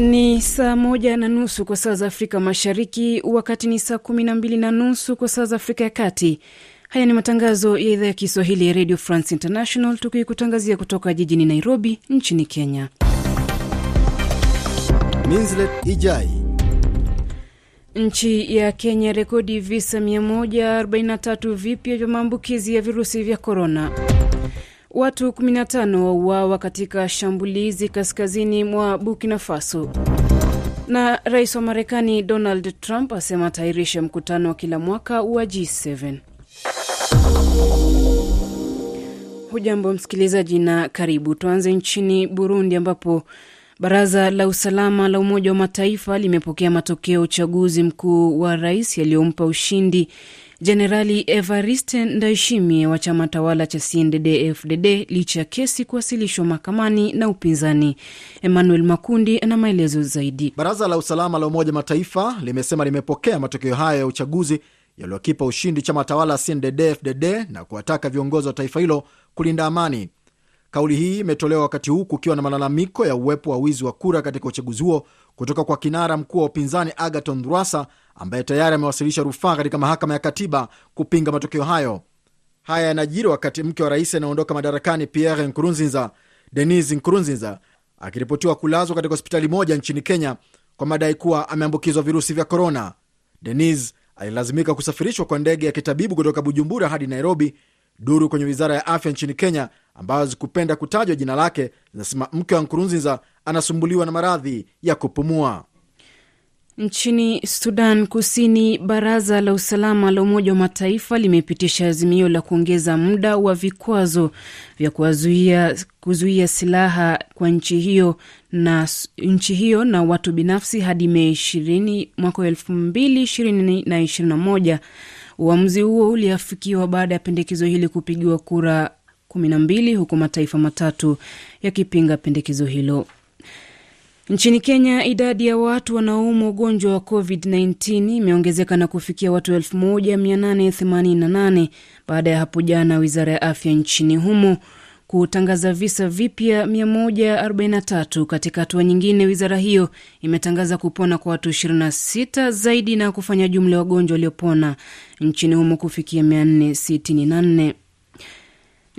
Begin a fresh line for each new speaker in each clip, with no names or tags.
Ni saa moja na nusu kwa saa za Afrika Mashariki, wakati ni saa kumi na mbili na nusu kwa saa za Afrika ya Kati. Haya ni matangazo ya idhaa ya Kiswahili ya Radio France International, tukikutangazia kutoka jijini Nairobi nchini Kenya. Minslet Ijai. Nchi ya Kenya rekodi visa 143 vipya vya maambukizi ya virusi vya korona. Watu 15 wauawa katika shambulizi kaskazini mwa Burkina Faso. Na rais wa Marekani Donald Trump asema ataahirisha mkutano wa kila mwaka wa G7. Hujambo msikilizaji na karibu. Tuanze nchini Burundi ambapo Baraza la usalama la Umoja wa Mataifa limepokea matokeo ya uchaguzi mkuu wa rais yaliyompa ushindi Jenerali Evariste Ndayishimiye wa chama tawala cha CNDD-FDD licha ya kesi kuwasilishwa mahakamani na upinzani. Emmanuel Makundi ana maelezo zaidi. Baraza la usalama la Umoja Mataifa limesema limepokea matokeo hayo ya uchaguzi yaliyokipa
ushindi chama tawala CNDD-FDD na kuwataka viongozi wa taifa hilo kulinda amani. Kauli hii imetolewa wakati huu kukiwa na malalamiko ya uwepo wa wizi wa kura katika uchaguzi huo kutoka kwa kinara mkuu wa upinzani agaton Rwasa ambaye tayari amewasilisha rufaa katika mahakama ya katiba kupinga matokeo hayo. Haya yanajiri wakati mke wa rais anaondoka madarakani Pierre Nkurunziza, denis Nkurunziza, akiripotiwa kulazwa katika hospitali moja nchini Kenya
kwa madai kuwa ameambukizwa virusi vya korona. denis alilazimika kusafirishwa kwa ndege ya kitabibu kutoka Bujumbura hadi Nairobi. Duru kwenye wizara ya afya nchini Kenya ambazo zikupenda kutajwa jina lake zinasema mke wa Nkurunziza anasumbuliwa na maradhi ya kupumua.
Nchini Sudan Kusini, baraza la usalama la Umoja wa Mataifa limepitisha azimio la kuongeza muda wa vikwazo vya kuwazuia kuzuia silaha kwa nchi hiyo na nchi hiyo na watu binafsi hadi Mei ishirini mwaka elfu mbili ishirini na ishirini na moja. Uamuzi huo uliafikiwa baada ya pendekezo hili kupigiwa kura kumi na mbili huku mataifa matatu yakipinga pendekezo hilo. Nchini Kenya, idadi ya watu wanaoumwa ugonjwa wa COVID-19 imeongezeka na kufikia watu 1888 baada ya hapo jana wizara ya afya nchini humo kutangaza visa vipya 143. Katika hatua nyingine, wizara hiyo imetangaza kupona kwa watu 26 zaidi na kufanya jumla ya wagonjwa waliopona nchini humo kufikia 464.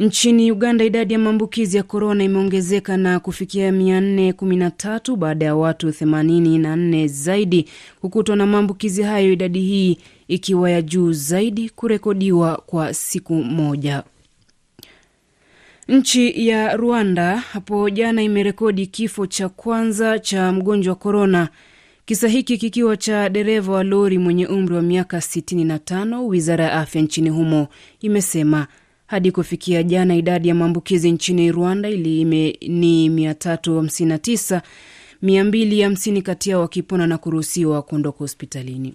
Nchini Uganda, idadi ya maambukizi ya korona imeongezeka na kufikia 413 baada ya watu 84 zaidi kukutwa na maambukizi hayo, idadi hii ikiwa ya juu zaidi kurekodiwa kwa siku moja. Nchi ya Rwanda hapo jana imerekodi kifo cha kwanza cha mgonjwa wa korona, kisa hiki kikiwa cha dereva wa lori mwenye umri wa miaka 65, wizara ya afya nchini humo imesema. Hadi kufikia jana, idadi ya maambukizi nchini Rwanda ili ni 359, 250 kati yao wakipona na kuruhusiwa kuondoka hospitalini.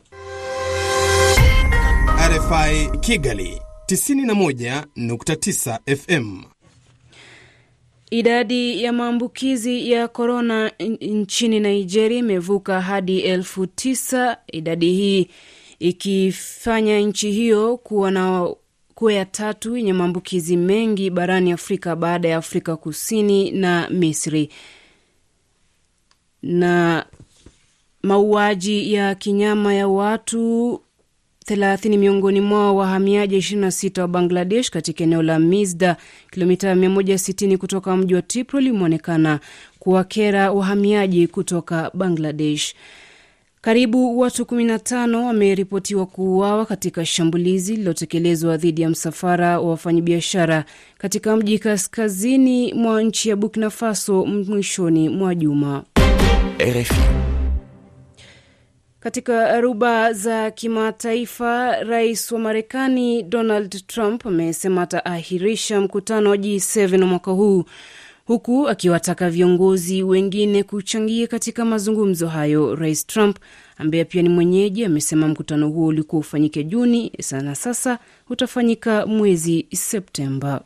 RFI Kigali 91.9 FM.
Idadi ya maambukizi ya korona nchini Nigeria imevuka hadi elfu tisa, idadi hii ikifanya nchi hiyo kuwa na kuwa ya tatu yenye maambukizi mengi barani Afrika baada ya Afrika Kusini na Misri. Na mauaji ya kinyama ya watu 30 miongoni mwao wahamiaji 26 wa Bangladesh katika eneo la Misda, kilomita 160 kutoka mji wa Tripoli, imeonekana kuwakera wahamiaji kutoka Bangladesh. Karibu watu 15 wameripotiwa kuuawa katika shambulizi lililotekelezwa dhidi ya msafara wa wafanyabiashara katika mji kaskazini mwa nchi ya Burkina Faso mwishoni mwa juma. RFI. Katika ruba za kimataifa, rais wa Marekani Donald Trump amesema ataahirisha mkutano wa G7 mwaka huu huku akiwataka viongozi wengine kuchangia katika mazungumzo hayo. Rais Trump ambaye pia ni mwenyeji amesema mkutano huo ulikuwa ufanyike Juni sana, sasa utafanyika mwezi Septemba.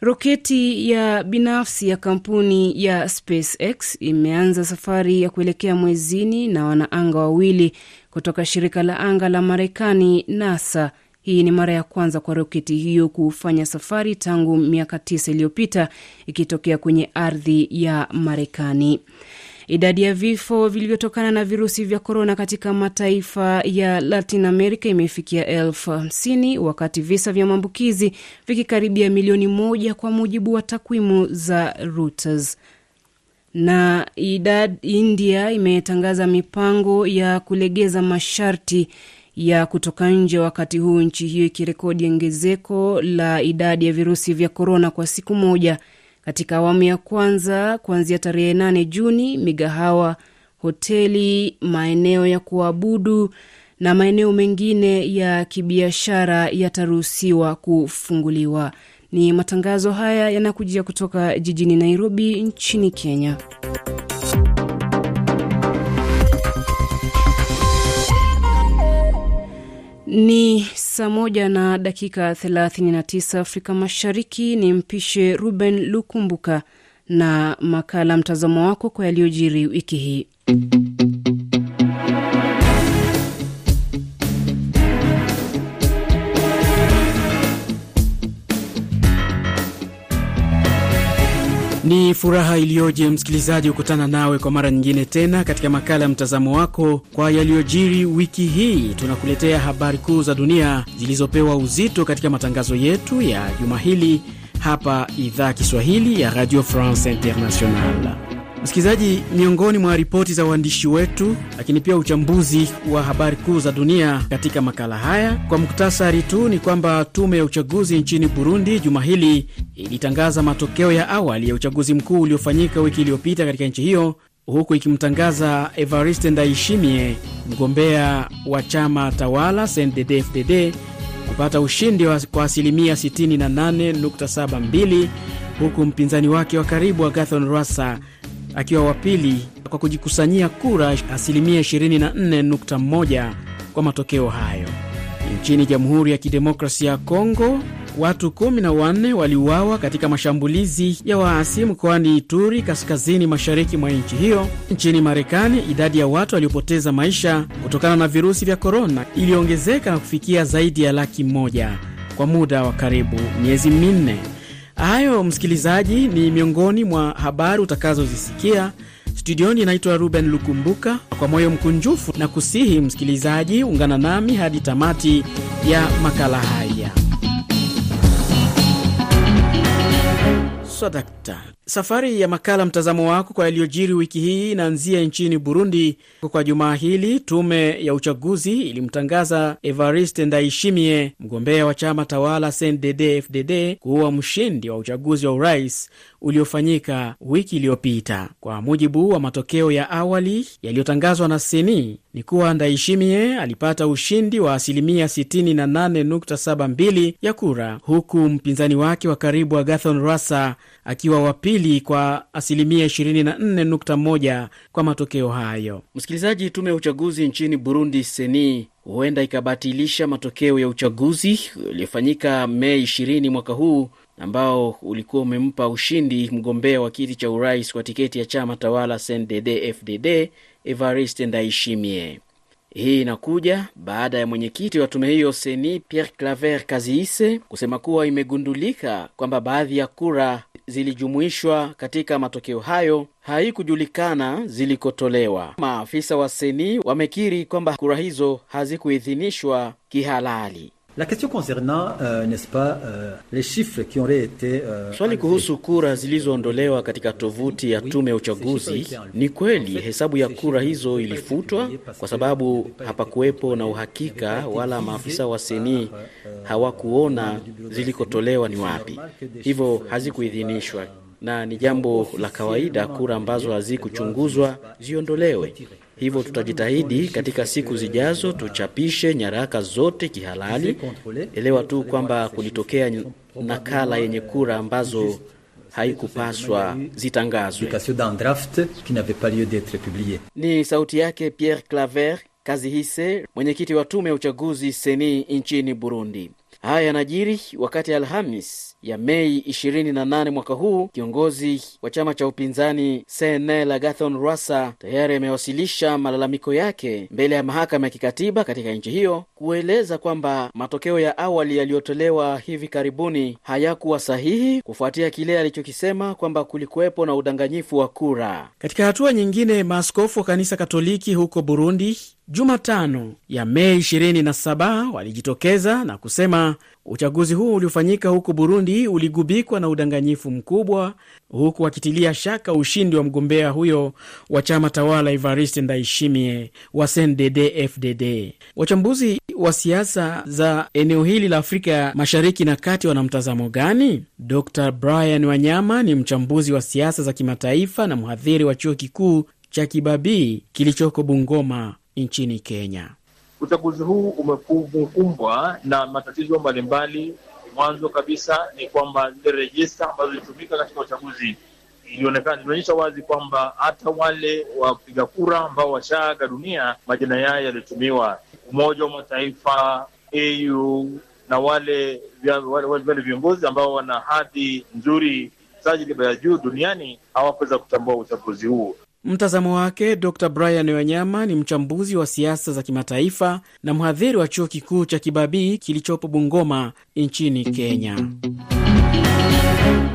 Roketi ya binafsi ya kampuni ya SpaceX imeanza safari ya kuelekea mwezini na wanaanga wawili kutoka shirika la anga la Marekani NASA. Hii ni mara ya kwanza kwa roketi hiyo kufanya safari tangu miaka tisa iliyopita ikitokea kwenye ardhi ya Marekani. Idadi ya vifo vilivyotokana na virusi vya korona katika mataifa ya Latin America imefikia elfu hamsini wakati visa vya maambukizi vikikaribia milioni moja kwa mujibu wa takwimu za Reuters na idad India imetangaza mipango ya kulegeza masharti ya kutoka nje, wakati huu nchi hiyo ikirekodi ongezeko la idadi ya virusi vya korona kwa siku moja. Katika awamu ya kwanza kuanzia tarehe 8 Juni, migahawa, hoteli, maeneo ya kuabudu na maeneo mengine ya kibiashara yataruhusiwa kufunguliwa. Ni matangazo haya yanakujia kutoka jijini Nairobi nchini Kenya. Ni saa moja na dakika 39 Afrika Mashariki. Ni mpishe Ruben Lukumbuka na makala mtazamo wako kwa yaliyojiri wiki hii.
Ni furaha iliyoje msikilizaji kukutana nawe kwa mara nyingine tena katika makala ya mtazamo wako kwa yaliyojiri wiki hii. Tunakuletea habari kuu za dunia zilizopewa uzito katika matangazo yetu ya juma hili hapa idhaa Kiswahili ya Radio France international Msikilizaji, miongoni mwa ripoti za uandishi wetu, lakini pia uchambuzi wa habari kuu za dunia katika makala haya, kwa muktasari tu ni kwamba tume ya uchaguzi nchini Burundi juma hili ilitangaza matokeo ya awali ya uchaguzi mkuu uliofanyika wiki iliyopita katika nchi hiyo huku ikimtangaza Evariste Ndayishimiye mgombea wa chama tawala CNDD-FDD kupata ushindi kwa asilimia 68.72 huku mpinzani wake wa karibu Agathon Rwasa akiwa wa pili kwa kujikusanyia kura asilimia 24.1 kwa matokeo hayo. Nchini Jamhuri ya Kidemokrasia ya Kongo, watu 14 waliuawa katika mashambulizi ya waasi mkoani Ituri, kaskazini mashariki mwa nchi hiyo. Nchini Marekani, idadi ya watu waliopoteza maisha kutokana na virusi vya korona iliongezeka na kufikia zaidi ya laki moja kwa muda wa karibu miezi minne. Hayo msikilizaji, ni miongoni mwa habari utakazozisikia studioni. Inaitwa Ruben Lukumbuka, kwa moyo mkunjufu na kusihi msikilizaji, ungana nami hadi tamati ya makala haya. Swadakta. Safari ya makala mtazamo wako kwa yaliyojiri wiki hii inaanzia nchini Burundi. Kwa jumaa hili tume ya uchaguzi ilimtangaza Evariste Ndayishimiye, mgombea wa chama tawala CNDD FDD, kuwa mshindi wa uchaguzi wa urais uliofanyika wiki iliyopita. Kwa mujibu wa matokeo ya awali yaliyotangazwa na Seni ni kuwa Ndayishimiye alipata ushindi wa asilimia 68.72 ya kura, huku mpinzani wake wa karibu Agathon Rasa akiwa wapi mbili kwa asilimia 24.1 kwa matokeo hayo. Msikilizaji, tume ya uchaguzi nchini Burundi seni huenda ikabatilisha matokeo ya uchaguzi uliofanyika Mei 20 mwaka huu ambao ulikuwa umempa ushindi mgombea wa kiti cha urais kwa tiketi ya chama tawala CNDD FDD Evariste Ndayishimiye. Hii inakuja baada ya mwenyekiti wa tume hiyo Seni Pierre Claver Kaziyise kusema kuwa imegundulika kwamba baadhi ya kura zilijumuishwa katika matokeo hayo haikujulikana zilikotolewa. Maafisa wa seni wamekiri kwamba kura hizo hazikuidhinishwa kihalali.
La question concernant, euh, n'est-ce pas, euh, les chiffres qui auraient été euh,
swali kuhusu kura zilizoondolewa katika tovuti ya tume ya uchaguzi. Ni kweli hesabu ya kura hizo ilifutwa kwa sababu hapakuwepo na uhakika, wala maafisa wa seni euh, hawakuona zilikotolewa ni wapi, hivyo hazikuidhinishwa na ni euh, jambo la kawaida kura ambazo hazikuchunguzwa ziondolewe. Hivyo tutajitahidi katika siku zijazo tuchapishe nyaraka zote kihalali. Elewa tu kwamba kulitokea nakala yenye kura ambazo haikupaswa zitangazwe. Ni sauti yake Pierre Claver Kazihise, mwenyekiti wa tume ya uchaguzi seni nchini Burundi. Haya yanajiri wakati Alhamis ya Mei 28 mwaka huu, kiongozi wa chama cha upinzani CNL Agathon Rwasa tayari amewasilisha malalamiko yake mbele ya mahakama ya kikatiba katika nchi hiyo kueleza kwamba matokeo ya awali yaliyotolewa hivi karibuni hayakuwa sahihi kufuatia kile alichokisema kwamba kulikuwepo na udanganyifu wa kura. Katika hatua nyingine, maaskofu wa kanisa Katoliki huko Burundi Jumatano ya Mei 27 walijitokeza na kusema Uchaguzi huu uliofanyika huko Burundi uligubikwa na udanganyifu mkubwa, huku wakitilia shaka ushindi wa mgombea huyo wa chama tawala Evariste Ndayishimiye wa CNDD FDD. Wachambuzi wa siasa za eneo hili la Afrika Mashariki na Kati wana mtazamo gani? Dr Brian Wanyama ni mchambuzi wa siasa za kimataifa na mhadhiri wa chuo kikuu cha Kibabii kilichoko Bungoma nchini Kenya.
Uchaguzi huu umekumbwa na matatizo mbalimbali. Mwanzo kabisa ni kwamba zile rejista ambazo zilitumika katika uchaguzi ilionekana ilionyesha wazi kwamba hata wale wapiga kura ambao washaaga dunia majina yao yalitumiwa. Umoja wa Mataifa, AU na wale wale viongozi ambao wana hadhi nzuri, tajriba ya juu duniani hawakuweza kutambua uchaguzi huu.
Mtazamo wake Dr Brian Wanyama ni mchambuzi wa siasa za kimataifa na mhadhiri wa chuo kikuu cha Kibabii kilichopo Bungoma nchini Kenya.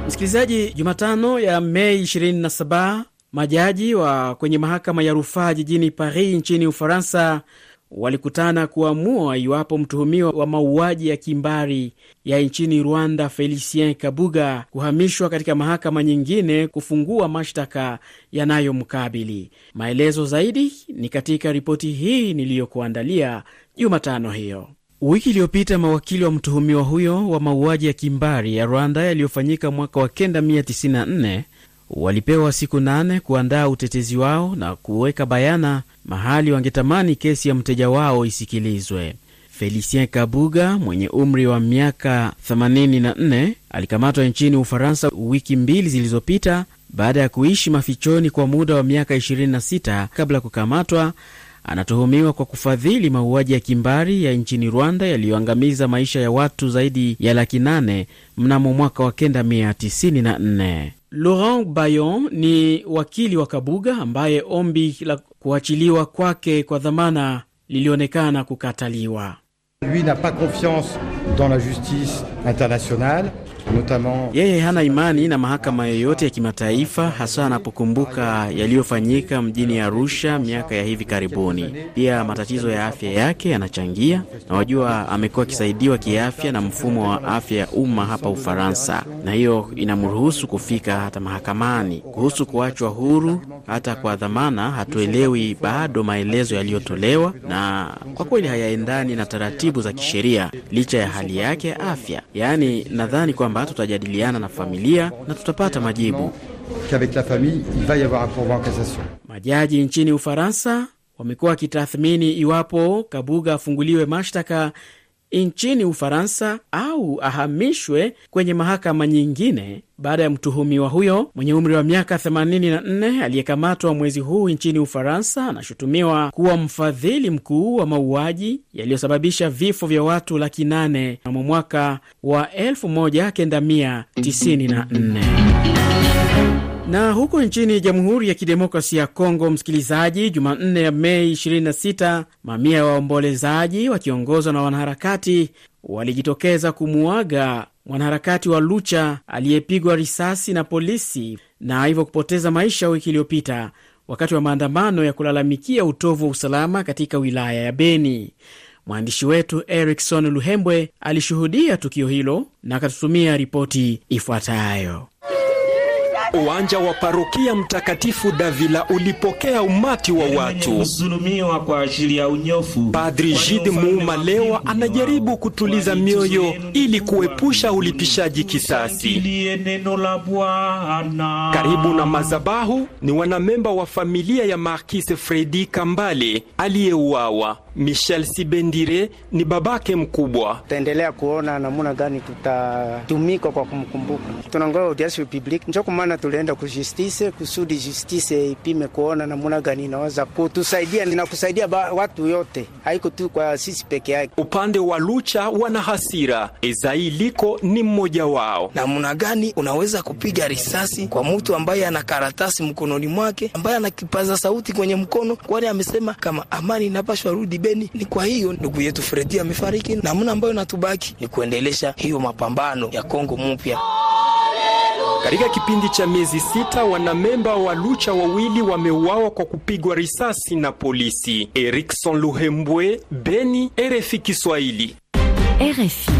Msikilizaji, Jumatano ya Mei 27 majaji wa kwenye mahakama ya rufaa jijini Paris nchini Ufaransa walikutana kuamua iwapo mtuhumiwa wa mauaji ya kimbari ya nchini Rwanda Felicien Kabuga kuhamishwa katika mahakama nyingine kufungua mashtaka yanayomkabili. Maelezo zaidi ni katika ripoti hii niliyokuandalia Jumatano hiyo. Wiki iliyopita mawakili wa mtuhumiwa huyo wa mauaji ya kimbari ya Rwanda yaliyofanyika mwaka wa 1994 Walipewa siku nane kuandaa utetezi wao na kuweka bayana mahali wangetamani kesi ya mteja wao isikilizwe. Felicien Kabuga mwenye umri wa miaka 84 alikamatwa nchini Ufaransa wiki mbili zilizopita baada ya kuishi mafichoni kwa muda wa miaka 26 kabla ya kukamatwa. Anatuhumiwa kwa kufadhili mauaji ya kimbari ya nchini Rwanda yaliyoangamiza maisha ya watu zaidi ya laki nane mnamo mwaka wa kenda 94 Laurent Bayon ni wakili wa Kabuga ambaye ombi la kuachiliwa kwake kwa dhamana lilionekana kukataliwa.
Lui n'a pas confiance dans la justice internationale.
Yeye hana imani na mahakama yoyote ya kimataifa, hasa anapokumbuka yaliyofanyika mjini Arusha miaka ya hivi karibuni. Pia matatizo ya afya yake yanachangia, na wajua, amekuwa akisaidiwa kiafya na mfumo wa afya ya umma hapa Ufaransa, na hiyo inamruhusu kufika hata mahakamani. Kuhusu kuachwa huru hata kwa dhamana, hatuelewi bado maelezo yaliyotolewa, na kwa kweli hayaendani na taratibu za kisheria, licha ya hali yake ya afya. Yaani nadhani kwamba kwamba tutajadiliana na familia na tutapata majibu. Majaji nchini Ufaransa wamekuwa wakitathmini iwapo Kabuga afunguliwe mashtaka nchini Ufaransa au ahamishwe kwenye mahakama nyingine baada ya mtuhumiwa huyo mwenye umri wa miaka 84 aliyekamatwa mwezi huu nchini Ufaransa anashutumiwa kuwa mfadhili mkuu wa mauaji yaliyosababisha vifo vya watu laki nane mnamo mwaka wa 1994. Na huko nchini Jamhuri ya kidemokrasi ya Kongo, msikilizaji, Jumanne ya Mei 26, mamia ya waombolezaji wakiongozwa na wanaharakati walijitokeza kumuaga mwanaharakati wa Lucha aliyepigwa risasi na polisi na hivyo kupoteza maisha wiki iliyopita wakati wa maandamano ya kulalamikia utovu wa usalama katika wilaya ya Beni. Mwandishi wetu Erikson Luhembwe alishuhudia tukio hilo na akatutumia ripoti ifuatayo uwanja wa parokia Mtakatifu Davila ulipokea umati wa watu. Padri Jide Muumalewa anajaribu kutuliza mioyo ili kuepusha ulipishaji kisasi. Karibu na mazabahu ni wanamemba wa familia ya Markis Fredi Kambale aliyeuawa. Michel Sibendire ni babake mkubwa. Tutaendelea kuona namuna gani tutatumika kwa kumkumbuka. Tunangoja audience publique, njo kumana tulienda ku justice kusudi justice ipime kuona namuna gani inaweza kutusaidia na kusaidia watu yote, haiko tu kwa sisi peke yake. Upande wa Lucha wana hasira, Ezai Liko ni mmoja wao. namuna gani unaweza kupiga risasi kwa mtu ambaye ana karatasi mkononi mwake, ambaye ana kipaza sauti kwenye mkono, kwani amesema kama amani inapashwa rudi Beni. Ni kwa hiyo ndugu yetu Fredi amefariki, namna ambayo natubaki ni kuendelesha hiyo mapambano ya Kongo mpya. Katika kipindi cha miezi sita wanamemba wa Lucha wawili wameuawa kwa kupigwa risasi na polisi. Erikson Luhembwe, Beni, RFI
Kiswahili.
RFI.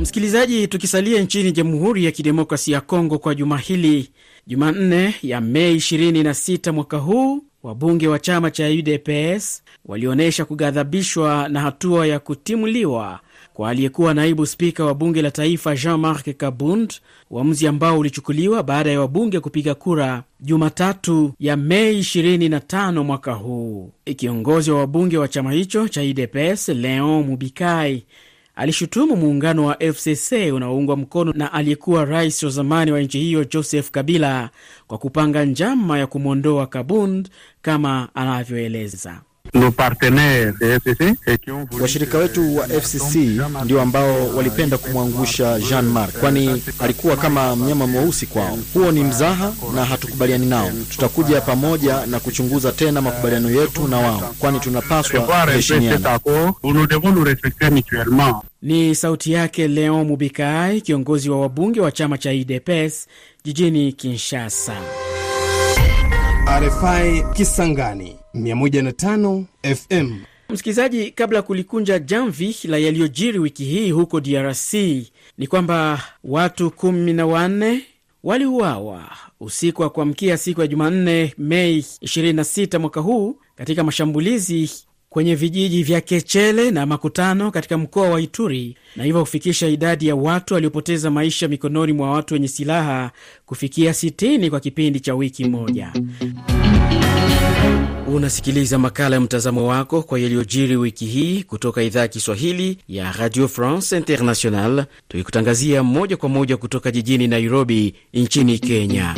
Msikilizaji, tukisalia nchini Jamhuri ya Kidemokrasia ya Kongo kwa juma hili, Jumanne ya Mei 26 mwaka huu Wabunge wa chama cha UDPS walionyesha kughadhabishwa na hatua ya kutimuliwa kwa aliyekuwa naibu spika wa bunge la taifa Jean-Marc Kabund, uamuzi ambao ulichukuliwa baada ya wabunge kupiga kura Jumatatu ya Mei 25 mwaka huu. Kiongozi wa wabunge wa chama hicho cha UDPS Leon Mubikai alishutumu muungano wa FCC unaoungwa mkono na aliyekuwa rais wa zamani wa nchi hiyo Joseph Kabila kwa kupanga njama ya kumwondoa Kabund kama anavyoeleza.
Washirika wetu wa FCC ndio ambao walipenda kumwangusha Jean Marc, kwani alikuwa kama mnyama mweusi kwao. Huo ni mzaha na hatukubaliani nao. Tutakuja pamoja na kuchunguza tena makubaliano euh, yetu na wao, kwani tunapaswa kuheshimiana.
Ni sauti yake Leon Mubikai, kiongozi wa wabunge wa chama cha UDPS jijini Kinshasa. RFI Kisangani 105 FM. Msikilizaji, kabla ya kulikunja jamvi la yaliyojiri wiki hii huko DRC ni kwamba watu kumi na wanne waliuawa usiku wa kuamkia siku ya Jumanne, Mei 26 mwaka huu katika mashambulizi kwenye vijiji vya Kechele na Makutano katika mkoa wa Ituri na hivyo kufikisha idadi ya watu waliopoteza maisha mikononi mwa watu wenye silaha kufikia 60 kwa kipindi cha wiki moja. Unasikiliza makala ya mtazamo wako kwa yaliyojiri wiki hii kutoka idhaa ya Kiswahili ya Radio France International, tukikutangazia moja kwa moja kutoka jijini Nairobi nchini Kenya.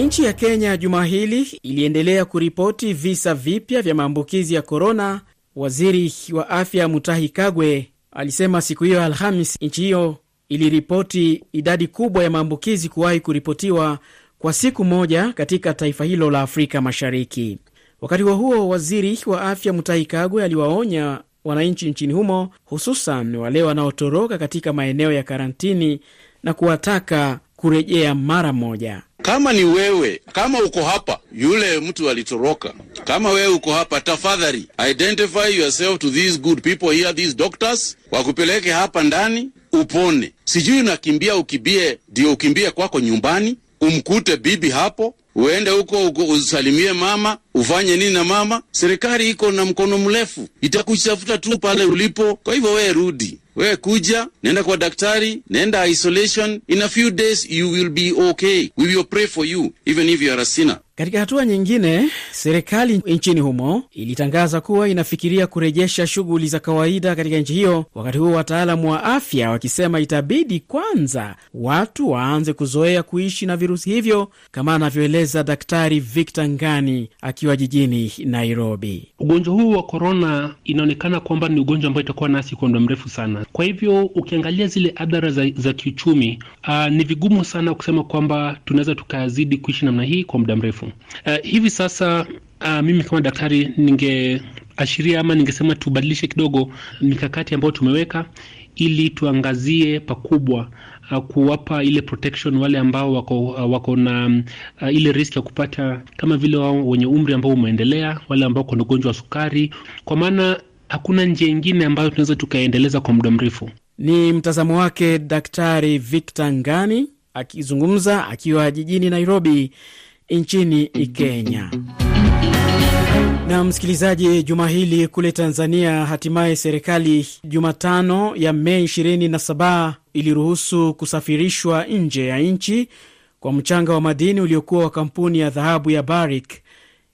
Nchi ya Kenya juma hili iliendelea kuripoti visa vipya vya maambukizi ya korona. Waziri wa afya Mutahi Kagwe alisema siku hiyo Alhamis nchi hiyo iliripoti idadi kubwa ya maambukizi kuwahi kuripotiwa kwa siku moja katika taifa hilo la Afrika Mashariki. Wakati huo huo, waziri wa afya Mutahi Kagwe aliwaonya wananchi nchini humo, hususan wale wanaotoroka katika maeneo ya karantini na kuwataka kurejea mara moja.
Kama ni wewe, kama uko hapa, yule mtu alitoroka, kama wewe uko hapa, tafadhali identify yourself to these good people here, these doctors, wakupeleke hapa ndani upone. Sijui unakimbia ukibie, ndio ukimbie kwako nyumbani, umkute bibi hapo uende huko usalimie mama, ufanye nini na mama. Serikali iko na mkono mrefu, itakuchafuta tu pale ulipo. Kwa hivyo wewe rudi wewe kuja, nenda kwa daktari, nenda isolation. In a few days you will be okay. We will pray for you even if you are a sinner.
Katika hatua nyingine, serikali nchini humo ilitangaza kuwa inafikiria kurejesha shughuli za kawaida katika nchi hiyo, wakati huo wataalamu wa afya wakisema itabidi kwanza watu waanze kuzoea kuishi na virusi hivyo, kama anavyoeleza Daktari Victor Ngani akiwa jijini Nairobi. Ugonjwa huu wa korona inaonekana kwamba ni ugonjwa
ambao itakuwa nasi kwa muda mrefu sana. Kwa hivyo ukiangalia zile adhara za, za kiuchumi, uh, ni vigumu sana kusema kwamba tunaweza tukazidi kuishi namna hii kwa muda mrefu mrefu. Uh, eh, hivi sasa uh, mimi kama daktari ningeashiria ama ningesema tubadilishe kidogo mikakati ambayo tumeweka ili tuangazie pakubwa uh, kuwapa ile protection wale ambao wako, uh, wako na uh, ile risk ya kupata kama vile wao wenye umri ambao umeendelea, wale ambao kuna ugonjwa wa sukari, kwa maana hakuna njia ingine ambayo tunaweza tukaendeleza kwa muda mrefu.
Ni mtazamo wake Daktari Victor Ngani akizungumza akiwa jijini Nairobi nchini Kenya. Na msikilizaji, juma hili kule Tanzania, hatimaye serikali Jumatano ya Mei 27 iliruhusu kusafirishwa nje ya nchi kwa mchanga wa madini uliokuwa wa kampuni ya dhahabu ya Barrick,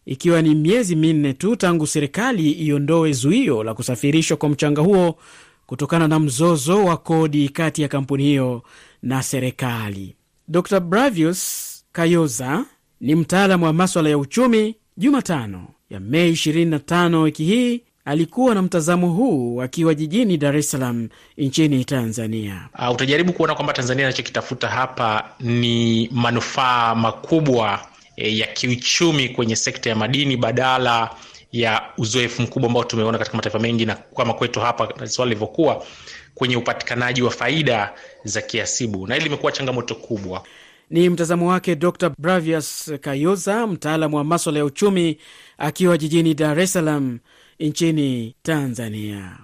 ikiwa ni miezi minne tu tangu serikali iondoe zuio la kusafirishwa kwa mchanga huo kutokana na mzozo wa kodi kati ya kampuni hiyo na serikali. Dr Bravius Kayoza ni mtaalamu wa maswala ya uchumi. Jumatano ya Mei 25 wiki hii alikuwa na mtazamo huu akiwa jijini Dar es Salaam nchini Tanzania.
Uh, utajaribu kuona kwamba Tanzania anachokitafuta hapa ni manufaa makubwa e, ya kiuchumi kwenye sekta ya madini badala ya uzoefu mkubwa ambao tumeona katika mataifa mengi na kama kwetu hapa swala ilivyokuwa kwenye upatikanaji wa faida za kiasibu, na hili limekuwa changamoto kubwa.
Ni mtazamo wake Dr bravius Kayoza, mtaalamu wa maswala ya uchumi, akiwa jijini Dar es Salaam nchini Tanzania.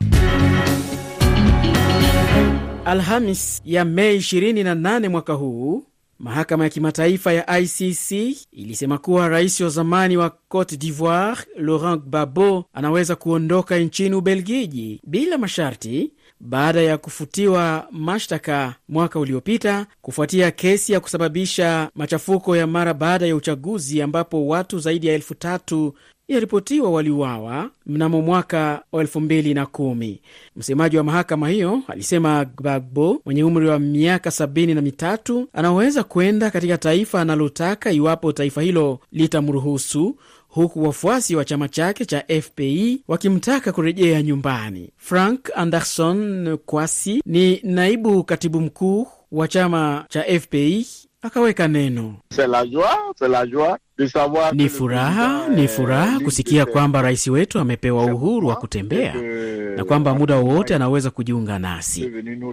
Alhamis ya Mei 28 mwaka huu Mahakama ya kimataifa ya ICC ilisema kuwa rais wa zamani wa Cote d'Ivoire Laurent Gbagbo anaweza kuondoka nchini Ubelgiji bila masharti baada ya kufutiwa mashtaka mwaka uliopita kufuatia kesi ya kusababisha machafuko ya mara baada ya uchaguzi ambapo watu zaidi ya elfu tatu yaripotiwa waliuawa mnamo mwaka wa 2010. Msemaji wa mahakama hiyo alisema Gbagbo mwenye umri wa miaka sabini na mitatu anaweza kwenda katika taifa analotaka iwapo taifa hilo litamruhusu huku wafuasi wa chama chake cha FPI wakimtaka kurejea nyumbani. Frank Anderson Kwasi ni naibu katibu mkuu wa chama cha FPI akaweka neno ni furaha, ni furaha kusikia kwamba rais wetu amepewa uhuru wa kutembea na kwamba muda wowote anaweza kujiunga nasi.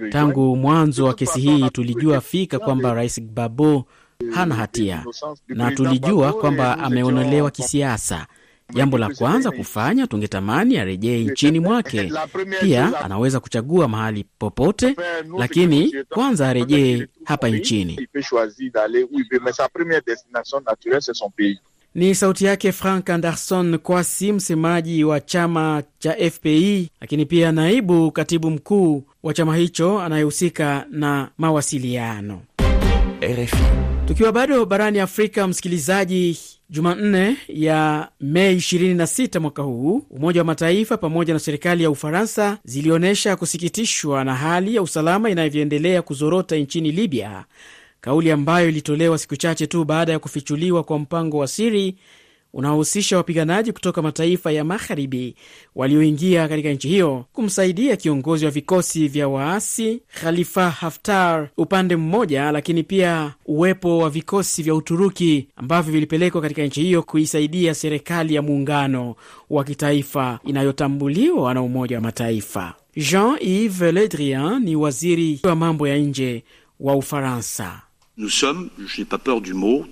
Tangu mwanzo wa kesi hii tulijua fika kwamba rais babo hana hatia na tulijua kwamba ameonelewa kisiasa. Jambo la kwanza kufanya, tungetamani arejee nchini mwake. Pia anaweza kuchagua mahali popote, lakini kwanza arejee hapa nchini. Ni sauti yake Frank Anderson Kwasi, msemaji wa chama cha FPI, lakini pia naibu katibu mkuu wa chama hicho anayehusika na mawasiliano
RFI.
Tukiwa bado barani Afrika, msikilizaji, Jumanne ya Mei 26 mwaka huu, Umoja wa Mataifa pamoja na serikali ya Ufaransa zilionyesha kusikitishwa na hali ya usalama inavyoendelea kuzorota nchini Libya, kauli ambayo ilitolewa siku chache tu baada ya kufichuliwa kwa mpango wa siri unaohusisha wapiganaji kutoka mataifa ya magharibi walioingia katika nchi hiyo kumsaidia kiongozi wa vikosi vya waasi Khalifa Haftar upande mmoja, lakini pia uwepo wa vikosi vya Uturuki ambavyo vilipelekwa katika nchi hiyo kuisaidia serikali ya muungano wa kitaifa inayotambuliwa na Umoja wa Mataifa. Jean-Yves Le Drian ni waziri wa mambo ya nje wa Ufaransa. Nous sommes, je n'ai pas peur du mot,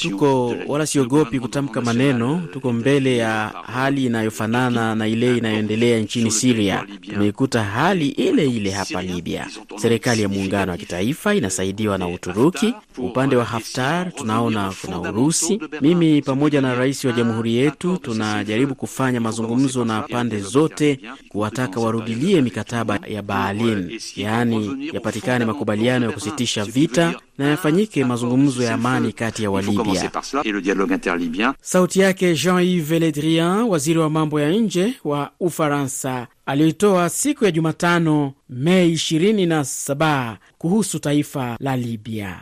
Tuko wala siogopi kutamka maneno. Euh, tuko mbele ya hali inayofanana na ile inayoendelea nchini Siria. Tumeikuta hali ile ile hapa Libya. Serikali ya muungano wa kitaifa euh, inasaidiwa na Uturuki. Upande wa Haftar tunaona kuna Urusi. Mimi pamoja na rais wa jamhuri yetu tunajaribu kufanya mazungumzo na pande zote, kuwataka warudilie mikataba ya Baalin, yaani yapatikane makubaliano ya kusitisha vita na yafanyike mazungumzo mazungumzo ya amani kati ya Walibya. Sauti yake Jean-Yves Le Drian, waziri wa mambo ya nje wa Ufaransa, aliyoitoa siku ya Jumatano Mei 27 kuhusu taifa la Libya.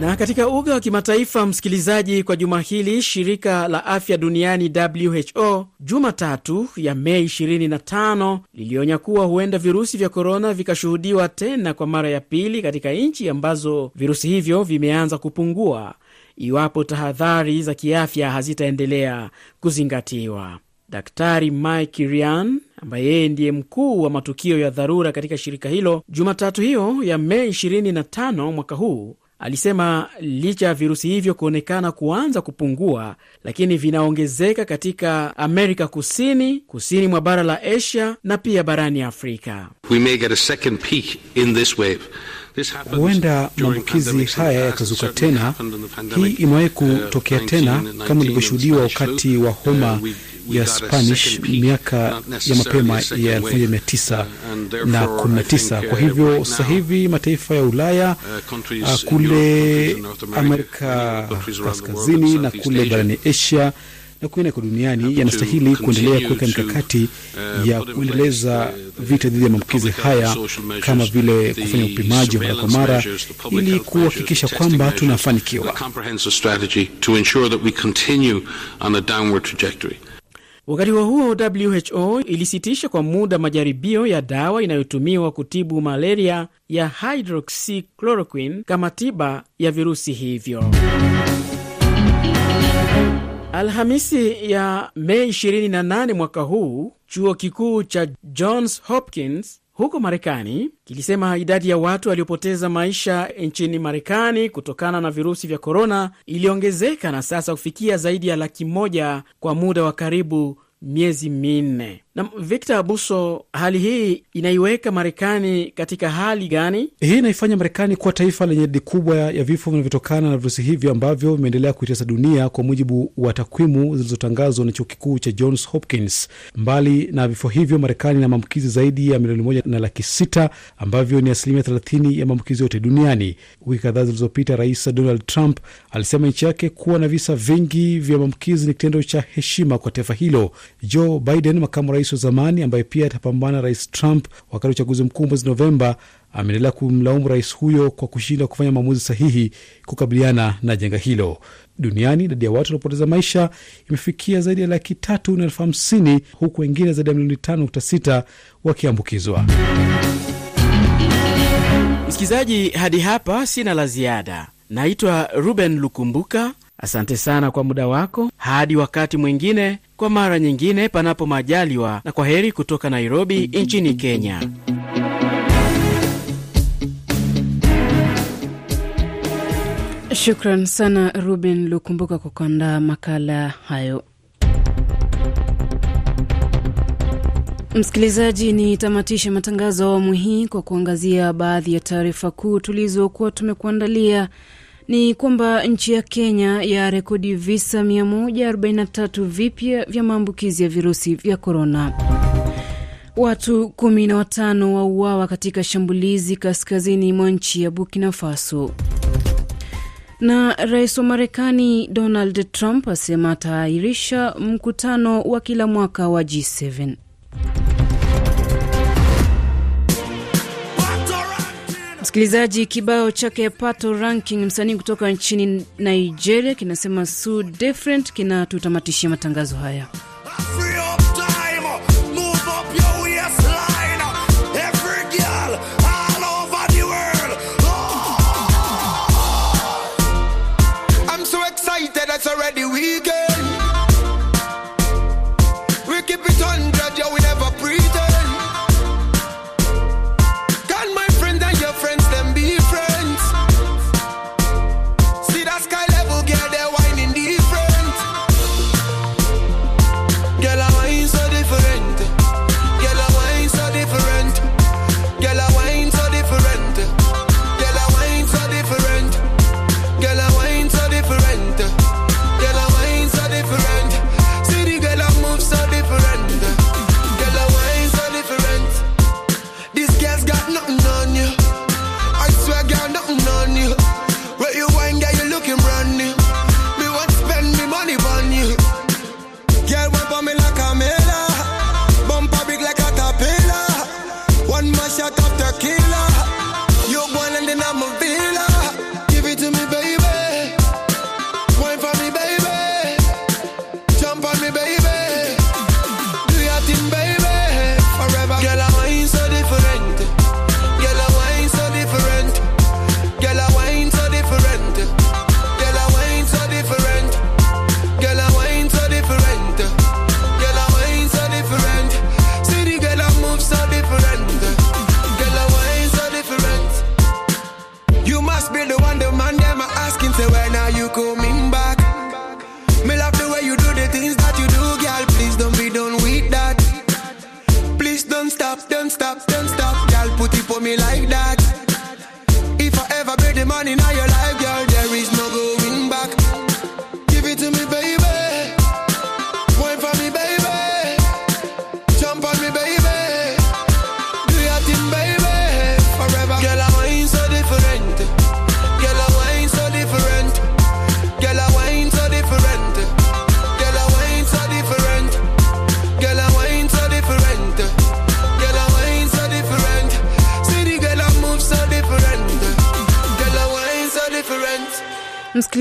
Na katika uga wa kimataifa, msikilizaji, kwa juma hili shirika la afya duniani WHO Jumatatu ya Mei 25 lilionya kuwa huenda virusi vya korona vikashuhudiwa tena kwa mara ya pili katika nchi ambazo virusi hivyo vimeanza kupungua iwapo tahadhari za kiafya hazitaendelea kuzingatiwa. Daktari Mike Ryan ambaye yeye ndiye mkuu wa matukio ya dharura katika shirika hilo, Jumatatu hiyo ya Mei 25 mwaka huu Alisema licha ya virusi hivyo kuonekana kuanza kupungua, lakini vinaongezeka katika Amerika Kusini, kusini mwa bara la Asia na pia barani Afrika.
Huenda maambukizi haya yakazuka tena. Hii imewahi uh, kutokea tena kama ilivyoshuhudiwa wakati wa uh, homa ya Spanish miaka ya mapema ya 1919. Uh, uh, kwa hivyo sasa hivi mataifa ya Ulaya uh, uh kule Amerika Kaskazini na kule barani Asia na kwingineko duniani yanastahili kuendelea kuweka mikakati ya kuendeleza vita dhidi ya maambukizi haya kama vile kufanya upimaji wa mara kwa mara ili kuhakikisha kwamba tunafanikiwa.
Wakati huo huo, WHO ilisitisha kwa muda majaribio ya dawa inayotumiwa kutibu malaria ya hydroxychloroquine kama tiba ya virusi hivyo. Alhamisi ya Mei 28 mwaka huu, chuo kikuu cha Johns Hopkins huko Marekani kilisema idadi ya watu waliopoteza maisha nchini Marekani kutokana na virusi vya korona iliongezeka na sasa kufikia zaidi ya laki moja kwa muda wa karibu miezi minne. Na Victor Abuso, hali hii inaiweka Marekani katika hali gani?
Hii inaifanya Marekani kuwa taifa lenye idadi kubwa ya vifo vinavyotokana na virusi hivyo ambavyo vimeendelea kuitesa dunia, kwa mujibu wa takwimu zilizotangazwa na chuo kikuu cha Johns Hopkins. Mbali na vifo hivyo, Marekani ina maambukizi zaidi ya milioni moja na laki sita ambavyo ni asilimia thelathini ya maambukizi yote duniani. Wiki kadhaa zilizopita, Rais Donald Trump alisema nchi yake kuwa na visa vingi vya maambukizi ni kitendo cha heshima kwa taifa hilo. Joe Biden, makamu rais rais wa zamani ambaye pia atapambana rais Trump wakati wa uchaguzi mkuu mwezi Novemba ameendelea kumlaumu rais huyo kwa kushindwa kufanya maamuzi sahihi kukabiliana na janga hilo. Duniani, idadi ya watu waliopoteza maisha imefikia zaidi ya laki tatu na elfu hamsini huku wengine zaidi ya milioni tano nukta sita wakiambukizwa.
Msikilizaji, hadi hapa sina la ziada. Naitwa Ruben Lukumbuka. Asante sana kwa muda wako. Hadi wakati mwingine, kwa mara nyingine, panapo majaliwa, na kwa heri kutoka Nairobi nchini Kenya.
Shukran sana Ruben Lukumbuka kwa kuandaa makala hayo. Msikilizaji, ni tamatishe matangazo awamu hii kwa kuangazia baadhi ya taarifa kuu tulizokuwa tumekuandalia ni kwamba nchi ya Kenya ya rekodi visa 143 vipya vya maambukizi ya virusi vya korona. Watu 15 wauawa katika shambulizi kaskazini mwa nchi ya Burkina Faso. Na rais wa Marekani Donald Trump asema ataahirisha mkutano wa kila mwaka wa G7. Msikilizaji, kibao chake Pato Ranking, msanii kutoka nchini Nigeria, kinasema so different, kinatutamatishia matangazo haya Afri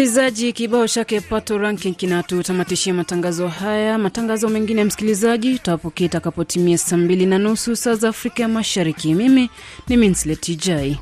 Msikilizaji, kibao chake pato rankin kinatutamatishia matangazo haya. Matangazo mengine ya msikilizaji tutawapokea itakapotimia saa mbili na nusu saa za Afrika ya Mashariki. Mimi ni Minsletijai.